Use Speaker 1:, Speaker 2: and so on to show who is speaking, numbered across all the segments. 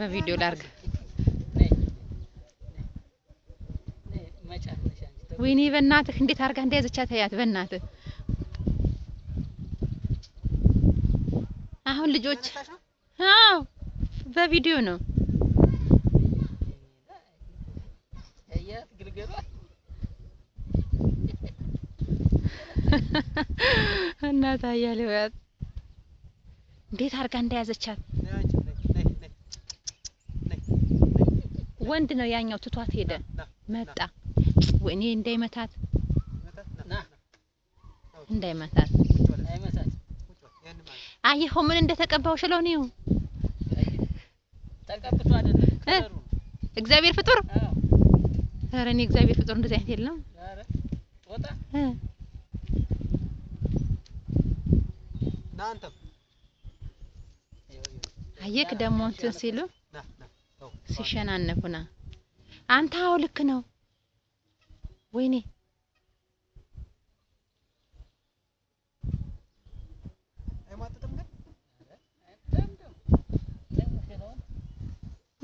Speaker 1: በቪዲዮ ላርግ። ወይኔ በእናትህ እንዴት አርጋ እንደያዘቻት ያት በእናትህ አሁን ልጆች አዎ በቪዲዮ ነው እናት ታያለህ እንዴት አርጋ እንደያዘቻት ወንድ ነው ያኛው። ትቷት ሄደ መጣ። ወይኔ እንዳይመታት እንዳይመታት። አየኸው ምን እንደተቀባው ስለሆነ ነው። እግዚአብሔር ፍጡር። ኧረ እኔ እግዚአብሔር ፍጡር እንደዚህ አይነት የለም። አየክ ደግሞ እንትን ሲሉ ሲሸናነፉና አንተ አዎ ልክ ነው። ወይኔ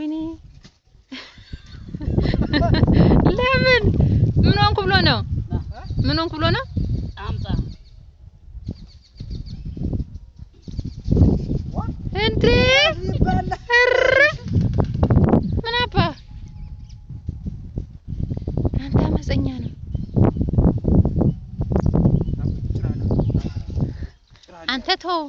Speaker 1: ወይኔ ለምን ምን ሆንኩ ብሎ ነው? ምን ሆንኩ ብሎ ነው? አመፀኛ ነው። አንተ ተው